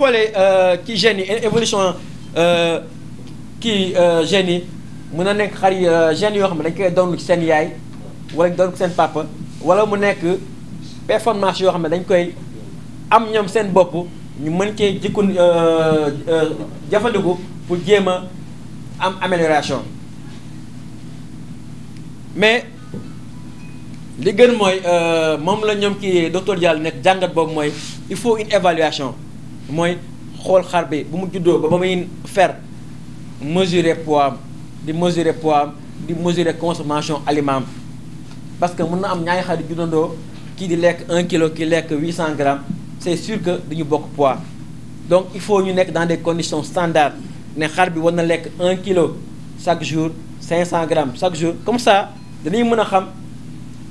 xoolee euh, kii gènes yi évolution euh, kii euh, gènes yi mën na nekk xar yi gènes yoo xam ne dañ koy ci seen yaay wala doon seen papa wala mu nekk performance yoo xam ne dañ koy am ñoom seen bopp ñu mën cee jikku jafandiku pour jéem a am amélioration mais li gën mooy moom la ñoom kii docteur Diallo nekk jàngat boobu mooy il faut une évaluation mooy xool xar bi bu mu juddoo ba ba muy fer mesurer poids am di mesurer pois am di mesurer consommation aliment am parce que mun na am ñaay xar di juddandoo kii di lekk 1 kilo kii lekk cent grammes c'est sur que dañu bokk poids donc il faut ñu nekk dans des conditions standards ne xar bi war na lekk 1 kilo chaque jour cent grammes chaque jour comme ça dañuy mën a xam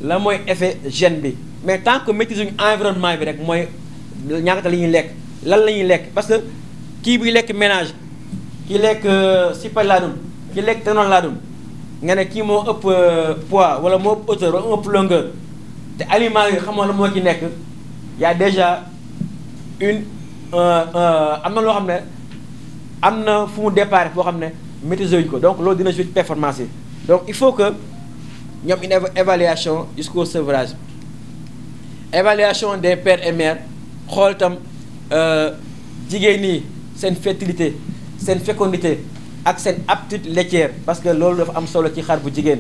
la mooy effet gène bi mais tant que maîtrise ñu environnement bi rek mooy ñaata la ñuy lekk. lan la ñuy lekk parce que kii buy lekk ménage ki lekk euh, sipa laa dum ki lekk tenoon laa nga ne kii moo ëpp euh, poids wala moo ëpp hauteur wala moo ëpp longueur te aliment yi xamoon la moo ci nekk y a déjà une euh, am na loo xam ne am na fu mu départ foo xam ne maîtriser wuñ ko donc loolu dina jouer performance yi donc il faut que ñoom une évaluation jusqu'au sevrage évaluation des pères et xool itam Euh, jigéen ñi seen fertilité seen fécondité ak seen aptitude laitière parce que loolu dafa am solo ci xar bu jigéen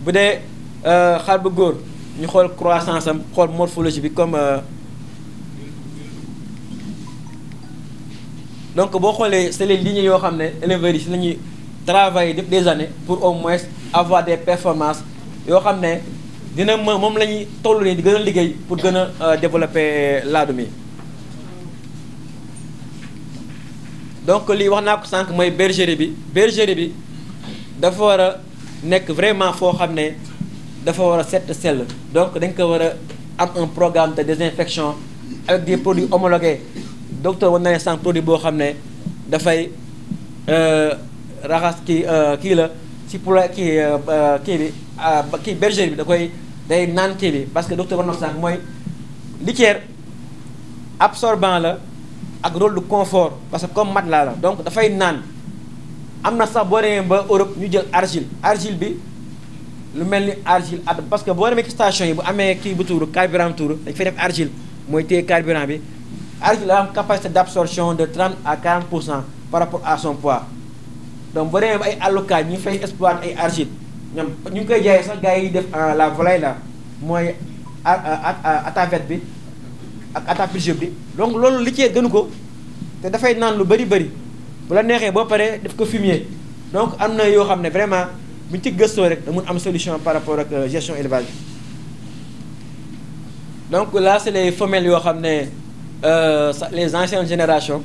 bu dee euh, xar bu góor ñu xool croissance am xool morphologie bi comme euh, donc boo xoolee c'est les lignes yoo xam ne éleveurs yi si la ñuy travailler depuis des années pour au moins avoir des performance yoo xam ne dina moom la ñuy toll nii di gën a liggéey pour gën a développer laadum yi donc lii wax naa ko sànq mooy bergerie bi bergerie bi dafa war a nekk vraiment foo xam ne dafa war a set sell donc dañ ko war a am un programme de désinfection avec des produits homologués docteur na ne produit boo xam ne dafay euh, raxas kii euh, kii la si pour kii euh, kii bi kii bergerie bi da koy day naan kii bi parce que docteur war na ko sànq mooy litière absorbant la ak rôle de confort parce que comme matelas la donc dafay naan am na sax boo demee ba Europe ñu jël argile argile bi lu mel ni argile at parce que boo demee ci station yi bu amee kii bu tuuru carburant bu tuuru dañ fay def argile mooy téye carburant bi argile la am capacité d' absorption de 30 à 40 pour cent par rapport à son poids donc boo demee ba ay allukaay ñu fay exploiter ay argile ñoom ñu ngi koy jaayee sax gaa yi def la volaille la mooy atavette bi ak attaque budget bi donc loolu li cee gënu ko te dafay naan lu bëri bëri bu la neexee boo paree def ko fumier donc am na yoo xam ne vraiment buñ ci gësto rek da mun am solution par rapport ak euh, gestion élevage donc là c'est les femelles yoo xam ne euh, les anciennes génération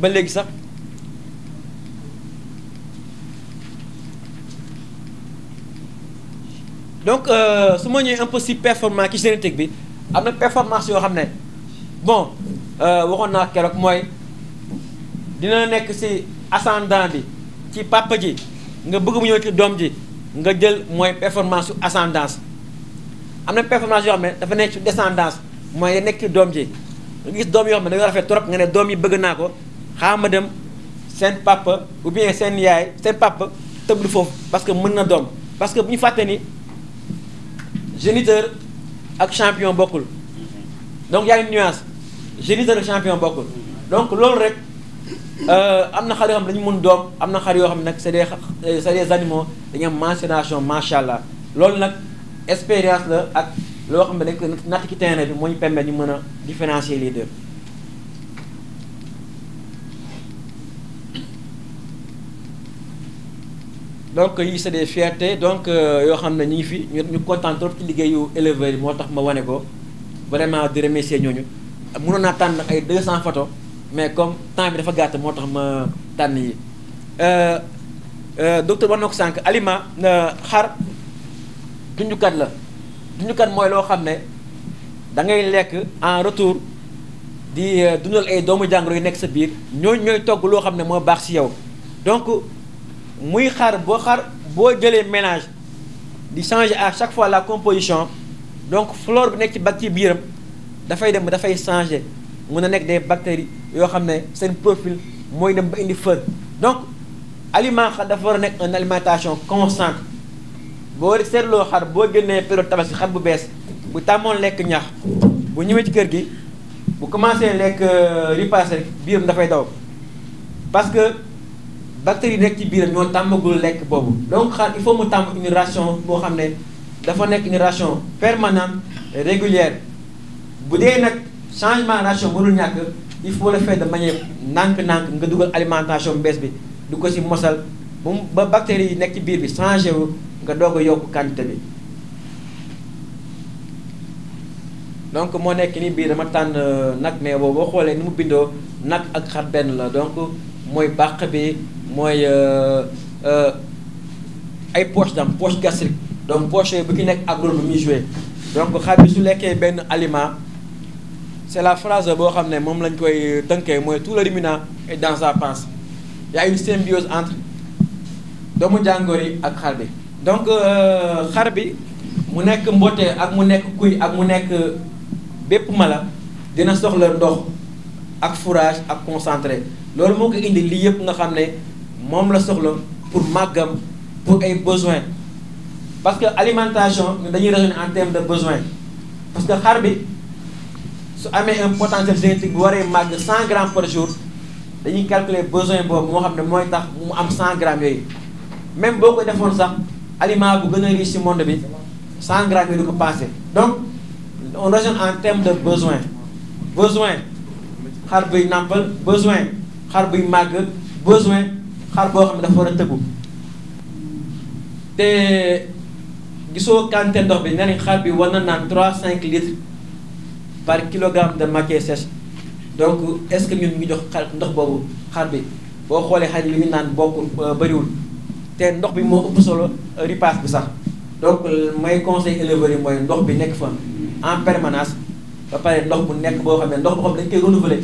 ba léegi sax donc euh, su ma ñëwee un peu si performance ci génétique bi am na performance yoo xam ne bon euh, waxoon naa keroog mooy dina nekk si ascendant bi ci papa ji nga bëgg mu ñëw ci doom ji nga jël mooy performance su am na performance yoo xam ne dafa nekk ci descendance mooy nga nekk ci doom ji nga gis doom yoo xam ne dañoo rafet trop nga ne doom yi bëgg naa ko xam xaama dem seen papa ou bien seen yaay seen papa tëblu foofu parce que mën na doom parce que bu ñu fàtte ni géniteur ak champion bokkul donc y a géniseur champion bokkul donc loolu rek euh, am na xar yoo xam dañu mën doom am na xare yoo xam ne nag c'est des c'est des animaux dañu am mentionnation macha allah loolu nag expérience la ak loo xam ne dañ ko ki ci terrain bi moo ñu permettre ñu mën a différencier les deux donc yi c'est des fiertés donc euh, yoo xam ne ñu ngi fi ñu kontaan trop ci liggéeyu éleveurs yi moo tax ma wane ko vraiment di remercier ñooñu mënoon naa tànn ay 200 photos mais comme temps bi dafa gàtt moo tax ma tànn yi euh, euh, docteur wax na ko sànq aliment euh, xar junjukat la junjukat mooy loo xam ne da ngay lekk en retour di dundal ay doomu jàngoro yu nekk sa biir ñooñ ñooy togg loo xam ne moo baax si yow donc muy xar boo xar boo jëlee ménage di changer à chaque fois la composition donc flore bi nekk ci bak ci biiram dafay dem dafay changer mun a nekk des bactéries yoo xam ne seen profil mooy dem ba indi fër donc aliment xar dafa war a nekk alimentation constante boo seetloo xar boo génnee période tabaski xar bu bees bu tàmmoon lekk ñax bu ñëwee ci kër gi bu commencé lekk euh, ripaas rek biiram dafay daw parce que bactéries yi nekk ci biiram ñoo tàmmagul lekk boobu donc xar il faut mu tàmm une ration boo xam ne dafa nekk une ration permanente régulière bu dee nag changement ration mënul ñàkk il faut le faire de manière nànk-nànk nga dugal alimentation bees bi du ko ci ba moom ba bactéries yi nekk ci biir bi changé wu nga doog a yokk quantité bi donc moo nekk ni bii dama tànn euh, nag mais boobu boo xoolee ni mu bindoo nag ak xar benn la donc mooy bàq bi mooy euh, euh, ay poche dam poche gastrique donc poche yooyu bu ki nekk ak rôle bu muy donc xar bi su lekkee benn aliment c'est la phrase boo xam ne moom lañ koy tënkee mooy tout le ruminant et dans sa panse y a une symbiose entre doomu jàngoor yi ak xar bi donc euh, xar bi mu nekk mbote ak mu nekk kuy ak mu nekk bépp mala dina soxla ndox ak fourrage ak concentré loolu moo ko indi lii yëpp nga xam ne moom la soxla pour màggam pour ay besoin parce que alimentation dañuy raisonner en termes de besoin parce que xar bi su amee un potentiel génétique bu waree màgg 100 grammes par jour dañuy calculer besoin boobu moo xam ne mooy tax mu am 100 grammes yooyu même boo ko defoon sax aliment bu gën a riche ci monde bi 100 grammes yooyu du ko passé donc on raisonne en terme de besoin besoin xar buy nàmpal besoin xar buy màgg besoin xar boo xam ne dafa war a tëggu te gisoo quantité ndox bi nee nañ xar bi war na naan 3 5 litres par kilogramme de matière sèche donc est-ce que ñun ñu ngi jox xar ndox boobu xar bi boo xoolee xar yi li ñu naan bokkul euh, bëriwul te ndox bi moo ëpp solo euh, ripaas bi sax donc may conseil éleveurs yi mooy ndox bi nekk fa en permanence ba pare ndox bu nekk boo xam ne ndox boo xam ne dañ koy renouveler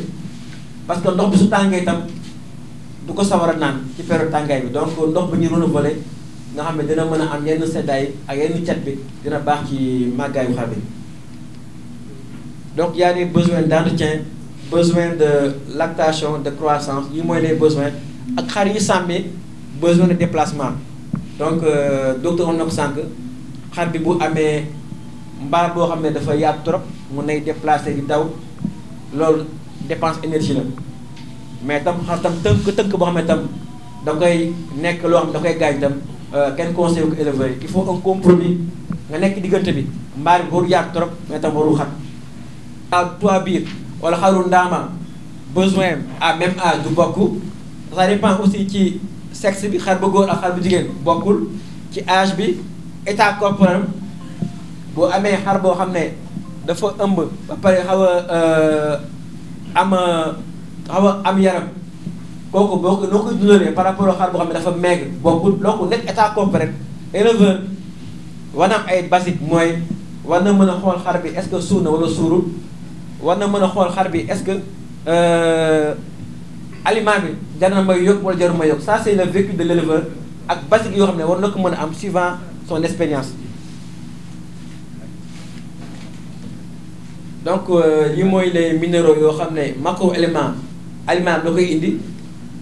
parce que ndox bi su tàngee itam du ko sawar naan ci période tàngaay bi donc ndox bu ñuy renouveler nga xam ne dina mën a am yenn seddaay ak yenn cat bi dina baax ci màggaayu xar bi donc y a des besoins d'entretien besoin de lactation de croissance yi mooy les besoins ak xar yi sàmmee besoin de déplacement donc euh, docteur on na ko sànq xar bi bu amee mbaar boo xam ne dafa yaatu trop mun nay déplacer di daw loolu dépense énergie la mais tam xar tam tënk tënk boo xam ne tam da koy nekk loo xam ne da koy gaañ tam euh, kenn conseil ko éleveur yi il faut un compromis nga nekk diggante bi mbaar bi waru yaatu trop mais tam waru xat ak toi biir wala xaru ndaamam besoin à même âge du bokk ça aussi ci sexe bi xar bu góor ak xar bu jigéen bokkul ci âge bi état corporel boo amee xar boo xam ne dafa ëmb ba pare xaw a euh, am xaw a am yaram kooku boo ko noo koy dundalee par rapport ak xar boo xam ne dafa maigre bokkul donc nekk état corporel éleveur war na am ay basique mooy war na mën a xool xar bi est-ce que suur na wala suurul war na mën a xool xar bi est-ce que euh, aliment bi jar na may yokk wala jarul may yokk ça c'est le vécu de l'éleveur ak basique yoo xam ne war na ko mën a am suivant son expérience donc euh, yi mooy les minéro yoo xam ne macro élément aliment da koy indi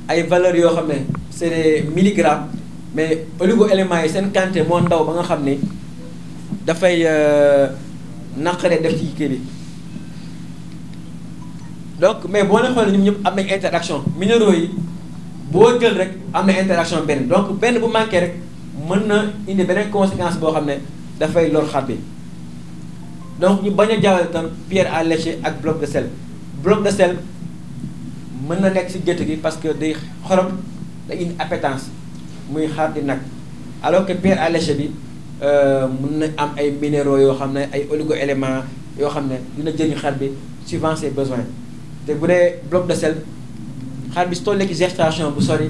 ay valeurs yoo xam ne c'est des milligrammes mais oligo éléments yi seen quantité moo ndaw ba nga xam ne dafay euh, naqaree def ci kii bi donc mais boo leen xoolee ñoom ñëpp am na interaction minéro yi boo jël rek am na interaction benn donc benn bu manqué rek mën na indi beneen conséquence boo xam ne dafay lor xar bi donc ñu bañ a jaawale tam pierre à ak bloc de sel bloc de sel mën na nekk si gétt gi parce que day xorom day indi appétence muy xar di nag alors que pierre à lécher bi euh, mën na am ay minéraux yoo xam ne ay oligo éléments yoo xam ne dina jëriñ xar bi suivant ses besoins te bu dee bloc de sel xaal bi su tollee gestation bu sori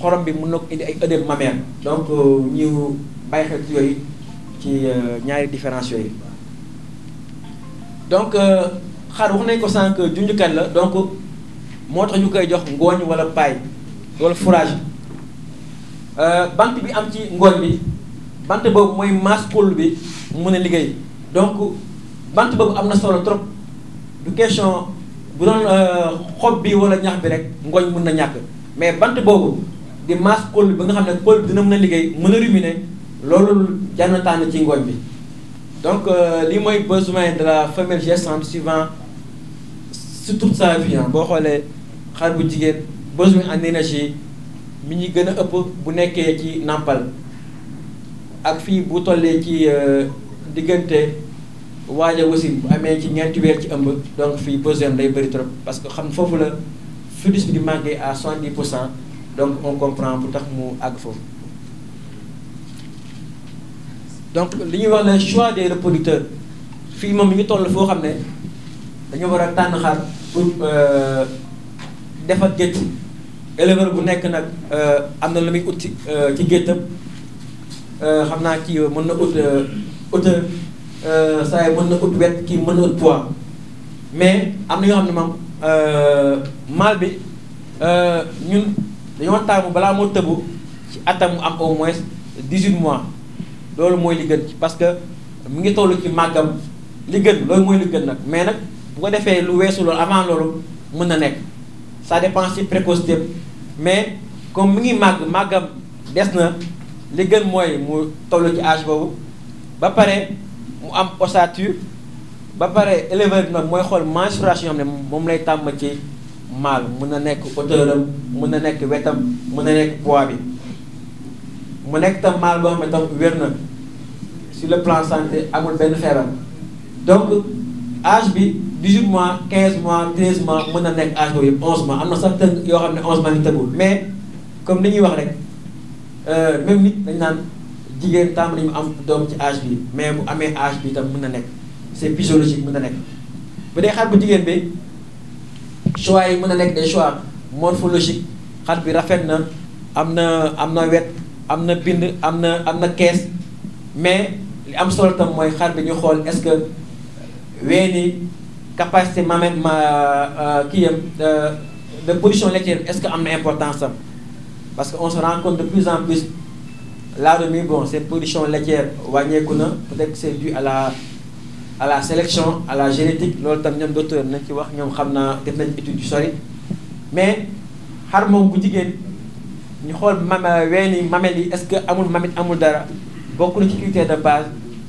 xorom bi mun na ko indi ay œdème mammaire donc euh, ñu bàyyi xel ci yooyu ci euh, ñaari différence yooyu donc euh, xar wax nañ ko sànq junjukat la donc moo tax ñu koy jox ngooñ wala paille wala fourrage bant bi am ci ngooñ bi bant boobu mooy masse poule bi mu mën a liggéey donc bant boobu am na solo trop du question bu doon euh, xob bi wala ñax bi rek ngooñ mën na ñàkk mais bant boobu di masse kóol bi nga xam ne kóol bi dina mun a liggéey mën a ruminer loolu jar ci ngooñ bi donc euh, li mooy besoin de la femelle gestante suivant sur toute sa vie boo xoolee xar bu jigéen besoin en énergie mi ñuy gën a ëpp bu nekkee ci nàmpal ak fii bu tollee ci euh, diggante waaja aussi bu amee ci ñeenti weer ci ëmb donc fii besoin day bëri trop parce que xam foofu la fluide bi di manqué à 70 pour cent donc on comprend bu tax mu àgg foofu. donc li ñuy wax le choix des reproducteurs fii moom mi ngi toll foo xam ne dañu war a tànn xar pour euh, defar gétt éleveur bu nekk nag euh, am na lu muy ut ci euh, géttam xam naa ci mën na ut auteur. Euh, saa yi mën na ut wet kii mën na ut poids mais am na ñoo xam ne moom euh, mal bi euh, ñun dañoo taamu balaa moo tëbu ci atam mu am au moins dix huit mois loolu mooy li gën parce que mu ngi toll ci màggam li gën loolu mooy li gën nag mais nag bu ko defee lu weesu loolu avant loolu mën na nekk ça dépend ci précocité mais comme mi ngi màgg màggam des na li gën mooy mu tollu ci âge boobu ba pare. mu am ossature ba pare éleveur bi mooy xool mensuration am ne moom lay tàmm ci maal mun na nekk hauteur am mun na nekk wetam mun na nekk poids bi mu nekk tam maal boo xam ne tam wér na sur le plan santé amul benn feebar donc âge bi 18 mois 15 mois 13 mois mën na nekk âge boobu yëpp 11 mois am na sax tënk yoo xam ne 11 mois ni tëggul mais comme li ñuy wax rek euh, même nit dañ naan. jigéen tàmm mu am doom ci âge bi mais bu amee âge bi itam mën na nekk c'est physiologique mën na nekk bu dee xar bu jigéen bi choix yi mën na nekk des choix morphologique xar bi rafet na am na am na wet am na bind am na am na kees mais li am solo tam mooy xar bi ñu xool est-ce que weeni capacité mamelle ma euh, kii yam de position laitière est-ce que am na importance tam parce que on se rend compte de plus en plus la remise bon ces production laitière wàññeeku na peut-être c'est dû à la à la sélection à la génétique loolu tam ñoom docteur nañ ci wax ñoom xam naa def nañ étude yu sori mais xar moom bu jigéen ñu xool mam ween yi mamel yi est-ce que amul mamit amul dara bokk na ci critère de base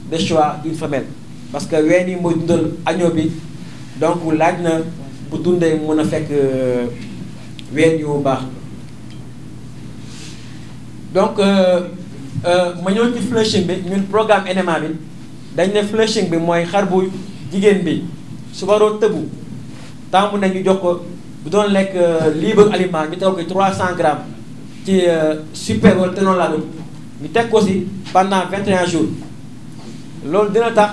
de choix du femelle parce que ween yi mooy dundal agneau bi donc laaj na bu dundee mën a fekk euh, ween yu baax donc euh, Euh, ma ñëw ci flushing bi ñun programme NMA bi dañ ne flushing bi mooy xar bu jigéen bi su waroo tëbu taamu nañu jox ko bu doon lekk euh, libre aliment ñu teg ko 300 grammes ci euh, super wala tenon la ñu teg ko si pendant 21 jour loolu dina tax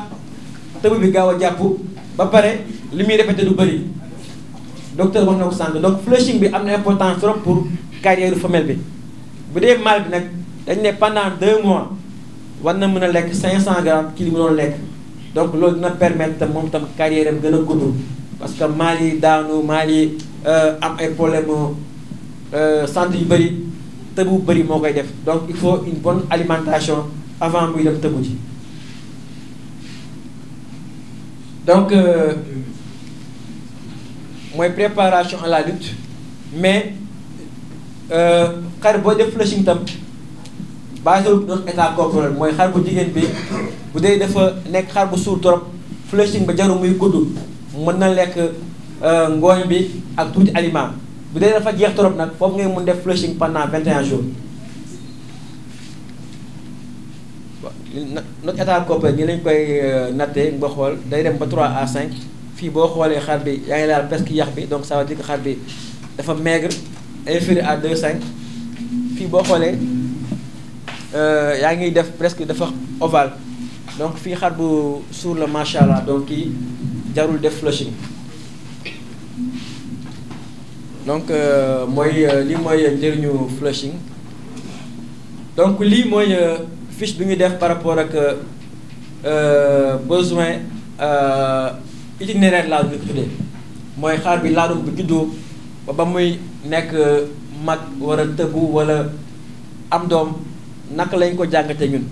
tëbu bi gaaw a jàpp ba pare li muy répété du bëri docteur wax na ko sànq donc bi am na importance trop pour carrière femelle bi bu dee mâle bi nag. dañ ne pendant deux mois war na mën a lekk cinq cent grammes ci li mu doon lekk donc loolu dina permettre tam moom tam carrière am gën a gudd parce que Mali daanu Mali euh, am ay problème santé euh, yu bëri tëbu bëri moo koy def donc il faut une bonne alimentation avant muy dem tëbu ji donc euh, mooy préparation à la lutte mais xar boo def flushing tam basé wu doon état corporel mooy xar bu jigéen bi bu dee dafa nekk xar bu suur trop flushing ba jaru muy gudd mën na lekk euh, ngooñ bi ak tuuti aliment bu dee dafa jeex trop nag foofu ngay mun def flushing pendant 21 jours. notre état corporel nii lañ koy euh, nattee nga xool day dem ba 3 à 5 fii boo xoolee xar bi yaa ngi laal presque yax bi donc ça veut dire xar bi dafa maigre inférieur à cinq fii boo xoolee. Euh, yaa ngi def presque dafa ovale donc fii xar bu suur la macha allah donc kii jarul def flushing donc euh, mooy euh, lii mooy njëriñu flushing donc lii mooy fiche bi ñu def par rapport ak besoin itinéraire laa bi tuddee mooy xaar bi laadum bu juddoo ba ba muy nekk mag war a tëbu am doom naka lañ ko jàngate ñun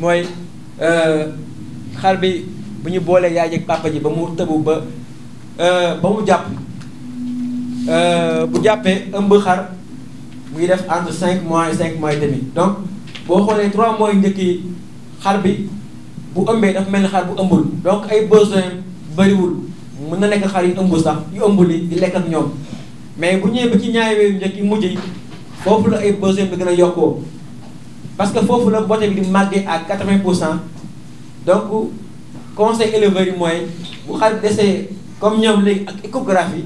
mooy euh, xar bi bu ñu boolee yaay ak papa ji ba mu tëbu ba euh, ba mu jàpp euh, bu jàppee ëmb xar mu ngi def entre cinq mois et cinq mois et demi donc boo xoolee trois mois njëkk xar bi bu ëmbee dafa mel ni xar bu ëmbul donc ay besoin bariwul mën na nekk xar yu ëmb sax yu ëmbul li di lekk ak ñoom mais bu ñëwee ba ci ñaari weer njëkk yi mujj foofu la ay besoin bi gën a yokkoo parce que foofu la beauté bi di màggee à 80 pour cent donc conseil éleveurs yi mooy bu xar desee comme ñoom léegi ak échographie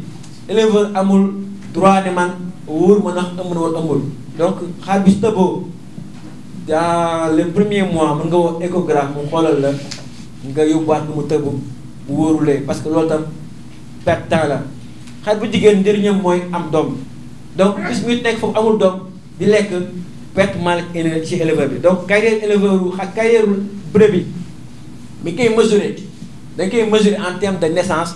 éleveur amul droit ne man wóor ma ndax ëmb na wala ëmbul donc xar bi su tëboo dans le premier mois mën nga woo échographe mu xoolal la nga yóbbuwaat bu mu tëb bu wóorulee parce que loolu tam perte temps la xar bu jigéen njëriñam mooy am doom donc bis muy nekk foofu amul doom di lekk perte mal ci éleveur bi donc carrière éleveur wu ak carrière bi mi koy mesurer dañ koy mesurer en terme de naissance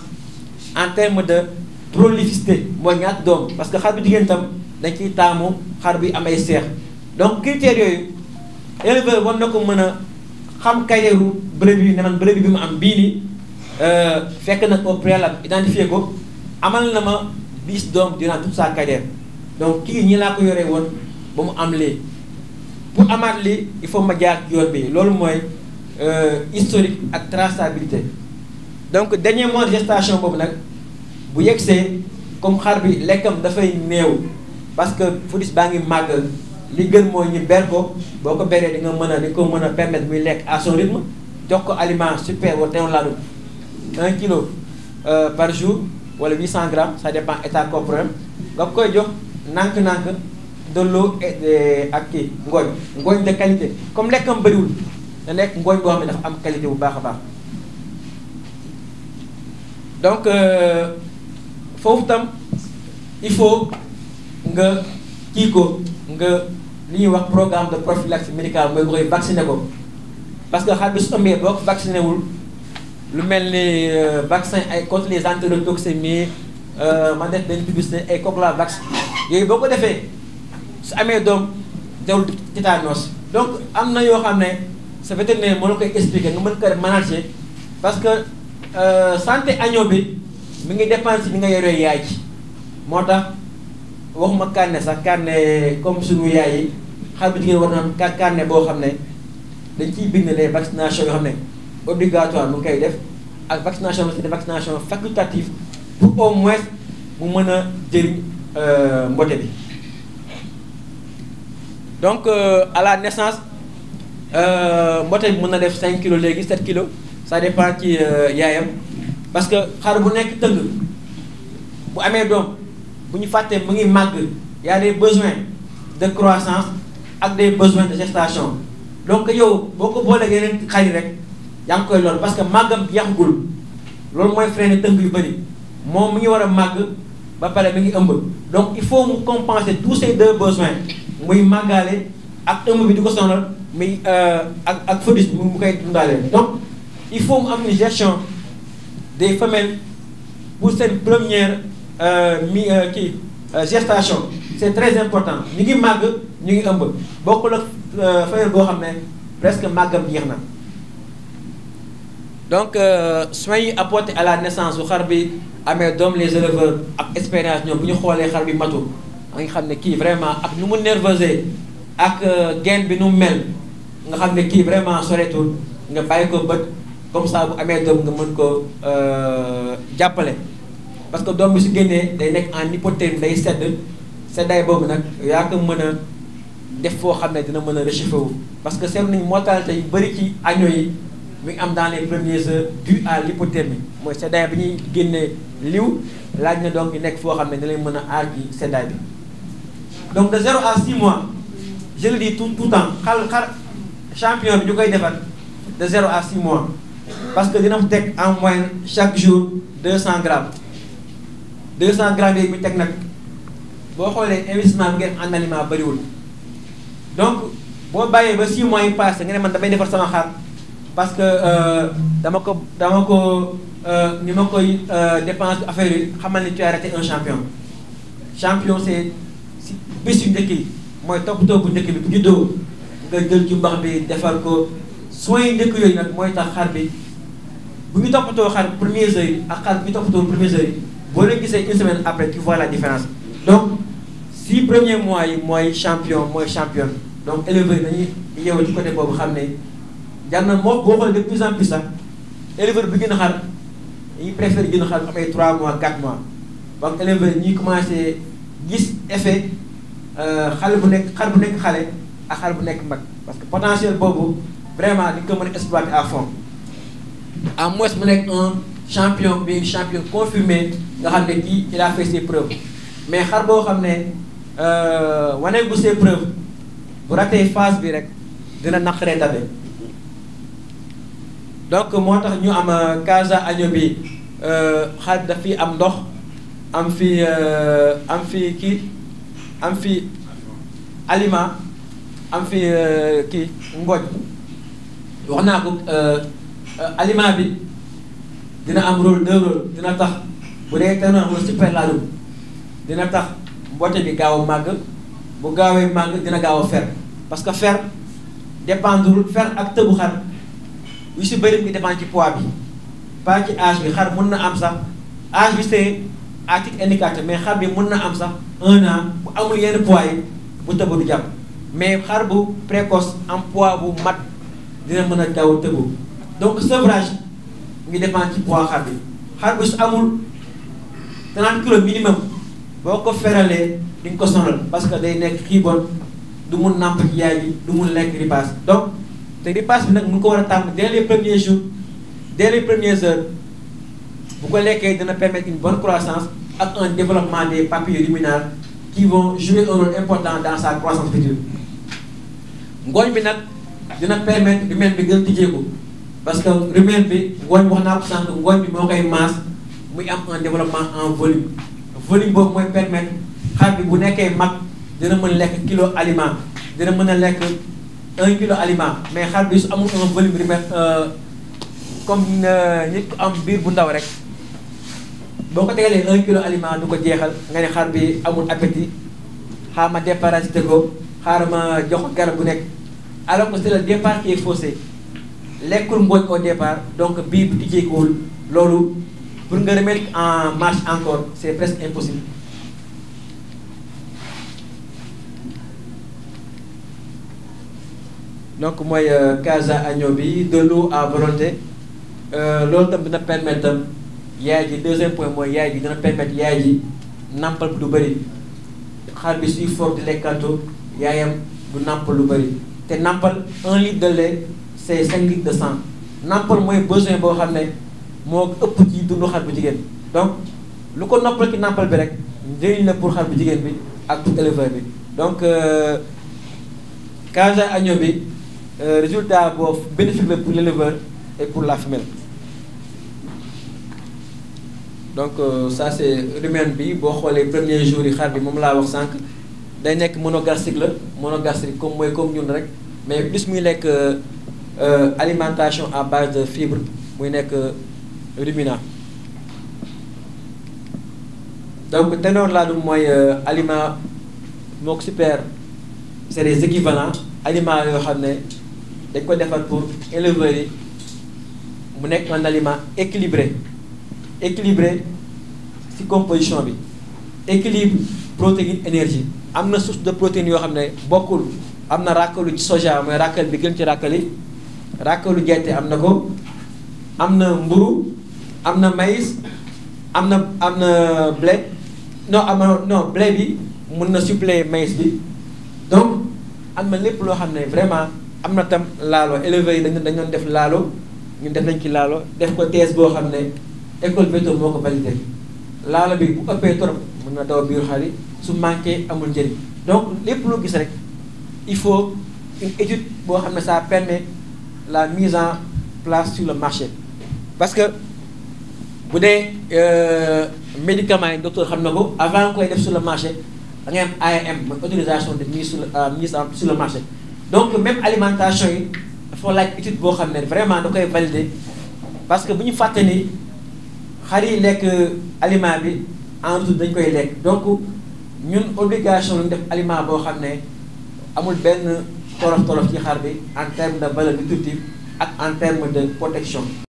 en terme de prolificité mooy ñaata doom parce que xar bu jigéen tam dañ ciy taamu xar bi am ay seex donc critères yooyu éleveur war na ko mën a xam carrière wu brebis bi ne man brebis bi mu am bii nii euh, fekk na au préalable identifié ko amal na ma 10 doom durant toute sa carrière donc kii ñi laa ko yoree woon ba mu am léegi pour amaat li il faut ma jaar yoon bi loolu mooy euh, historique ak traçabilité donc dernier mois de gestation boobu nag bu yegsee comme xar bi lekkam dafay néew parce que foudis baa ngi màgg li gën mooy ñu ber ko boo ko beree di nga mën a di ko mën a permettre muy lekk à son rythme jox ko aliment super wa teew laadum un kilo euh, par jour wala 800 grammes ça dépend état corporel nga koy jox nànk-nànk de l'eau ak kii ngooñ ngooñ de qualité comme lekkam bëriwul na nekk ngooñ boo xam ne dafa am qualité bu baax a baax donc euh, foofu tam il faut nga kii ko nga li ñuy wax programme de prophylaxie médicale mooy koy vacciner ko parce que xar bi su ëmbee boo ko vacciné wul lu mel ni euh, vaccin ay contre les mi euh, ma def benn publicité ay coquelin vaccin yooyu boo ko defee su amee doom jarul tétanos donc am na yoo xam ne sa vétérinaire moo la koy expliquer nga mën ko manager parce que euh, santé agneau bi mu ngi dépendre si ni nga yoree yaay ji moo tax waxuma carne sax carne comme suñu yaay yi xar bu jigéen war na am carne boo xam ne dañ ciy bind les vaccinations yoo xam ne obligatoire mu ngi koy def ak vaccination c'est des vaccinations facultatives pour au moins mu mën a jëriñ euh, mbote bi donc euh, à la naissance euh, mboote bi mën na def 5 kilos léegi 7 kilos ça dépend ci euh, yaayam parce que xar bu nekk tëng bu amee doom bu ñu fàttee mu ngi màgg y a des besoins de croissance ak des besoins de gestation donc yow boo ko booleeg yeneen xar rek yaa ngi koy lool parce que màggam yàqugul loolu mooy freiné tëng yu bëri moom mu ngi war a màgg ba pare mi ngi ëmb donc il faut mu compenser tous ces deux besoins muy màggaale ak ëmb bi di ko sonal muy euh, ak ak fœtus bi mu koy dundaale donc il faut mu am ni gestion des femelles pour seen première euh, mi euh, kii gestation c'est très important ñu ngi màgg ñu ngi ëmb bokkul ak femelle boo xam ne presque màggam jeex na donc soins yi apporté à la naissance bu xar bi amee doom les éleveurs ak expérience ñoom bu ñu xoolee xar bi matul nga xam ne kii vraiment ak nu mu nerveuse ak euh, genn bi nu mel nga xam ne kii vraiment soreetul nga bàyyi ko bët comme ça bu amee doom nga mën ko euh, jàppale parce que doom bi su génnee day nekk en hypothermie day sedd seddaay boobu nag yaa ko mën a def foo xam ne dina mën a réchauffé wu parce que seetlu nañu mortalité yu bëri ci agneau yi mi am dans les premières heures due à mooy seddaay bi ñuy génnee liw laaj ne donc ñu nekk foo xam ne dina leen mën a aar ci seddaay bi donc de 0 à 6 mois je le dis tout temps xal xar champion bi ñu koy defar de 0 à 6 mois parce que dina fa teg en moyenne chaque jour deux 200 grammes 200 grammes yooyu mu teg nag boo xoolee investissement bi ngeen am en aliment bëriwul donc boo bàyyee ba 6 mois yi passé nga ne man damay defar sama xar parce que euh, dama ko dama ko euh, ni ma koy euh, dépense affaire yi xamal ni tu as un champion champion c'est bis yu njëkk yi mooy toppatoo bu njëkk bi bu doo nga jël jumbax bi defar ko soins yu njëkk yooyu nag mooy tax xar bi bu ñu toppatoo xar premiers heures yi ak xar bu ñu toppatoo premiers heures yi boo leen gisee une semaine après tu vois la différence donc si premier mois yi mooy champion mooy champion donc éleveurs yi nañu yeewu ci côté boobu xam ne jar na moo boo xoolee de plus en plus sax éleveur bi gën a xar dañuy préféré gën a xar bu amee 3 mois 4 mois commencé gis effet. Euh, xale bu nekk xar bu xale ak xale bu nekk mag parce que potentiel boobu vraiment dañ ko mën a exploiter à fond à moins mu nekk champion bi champion confirmé nga xam ne kii il a fait mais xar boo xam ne euh, wanee bu ses preuves bu ratee phase bi rek dina naqaree dabe donc moo tax ñu am euh, Casa Agno bi xar daf fi am ndox am fi am fi kii am fi aliment am fi euh, kii ngooñ wax naa ko euh, aliment bi dina am rôle deux rôle dina tax bu dee terrain wala super laadum dina tax mboote bi gaaw a màgg bu gaawee màgg dina gaaw a fer parce que fer dépendre fer ak tëbu xar yu si bëri ngi dépendre ci poids bi pas ci âge bi xar mun na am sax âge bi c'est à titre indicateur mais xar bi mun na am sax un an bu amul yenn poids yi bu tëbu jàpp mais xar bu précoce am poids bu mat dina mën a daw tëbu donc sevrage ngi dépend ci poids xar bi xar bu su amul 30 kilos minimum boo ko feralee di ko sonal parce que day nekk xiibon du mun nàmp ci yaay bi du mun lekk ripaas donc te ripaas bi nag mu ko war a tàmm dès les premiers jours dès premier premières bu ko lekkee dina permettre une bonne croissance ak un développement des papilles luminales qui vont jouer un important dans sa croissance future ngooñ bi nag dina permettre rumen bi gën tijjeeku parce que rumen bi ngooñ wax naa ko sànq ngooñ bi moo koy maas muy am un développement en volume volume boobu mooy permettre xar bi bu nekkee mag dina mën lekk kilo aliment dina mën a lekk un kilo aliment mais xar bi su amul un volume rumen euh, comme euh, nit ku am biir bu ndaw rek boo ko tegalee un kilo aliment du ko jeexal nga ne xar bi amul appétit xaar ma déparasité ko xaar ma jox garab bu nekk alors que c'est le départ qui est lekkul mbooñ au départ donc bii bu tijjeekuwul loolu pour nga remettre en marche encore c'est presque impossible donc mooy euh, casa agneau bi de l'eau à euh, loolu tam dina permettre yaay ji deuxième point mooy yaay ji dana permettre yaay ji nàmpal lu bëri xar bi suy foog di lekkantu yaayam du nàmpal lu bëri te nàmpal un litre de lait c'est cinq litres de san nàmpal mooy besoin boo xam ne moo ëpp ci dundu xar bu jigéen donc lu ko noppal ki nàmpal bi rek njëriñ la pour xar bu jigéen bi ak tout éleveur bi donc euh, cage à agneau bi euh, résultat boobu bénéfique la pour l'éleveur et pour la femelle donc euh, ça c' est rumen bi boo xoolee premier jour yi xar bi moom laa wax sànq day nekk monogastrique la monogastrique comme mooy comme ñun rek mais plus muy lekk euh, euh, alimentation à base de fibre muy nekk ruminant donc tenor laadum mooy aliment mook super c' est des équivalents aliments yoo xam ne dañ ko defar pour éleveurs yi mu nekk aliment équilibré équilibré ci composition bi équilibre protéine énergie am na source de protéine yoo xam ne bokkul am na ràkkalu soja mooy ràkkal bi gën ci ràkkal yi ràkkalu gerte am na ko am na mburu am na maïs am na am na blé non am na non blé bi mën na suppléer mais bi donc am na lépp loo xam ne vraiment am na tam laalo éleveurs yi dañu dañoon def laalo ñu def nañ ci laalo def ko thèse boo xam ne école météo moo ko validé laala bi bu ëppee trop mën na daw biir xar su manqué amul njëriñ donc lépp loo gis rek il faut une étude boo xam ne ça permet la mise en place sur le marché parce que bu dee euh, médicaments yi docteur xam na ko avant koy def sur le marché da ngay am AEM autorisation de mise sur le euh, mise en sur le marché donc même alimentation yi dafa laaj étude boo xam ne vraiment da koy valider parce que bu ñu fàtte ni xar yi lekk aliment bi en retour dañ koy lekk donc ñun obligation lañu def aliment boo xam ne amul benn tolof tolof ci xar bi en terme de valeur nutritive ak en terme de protection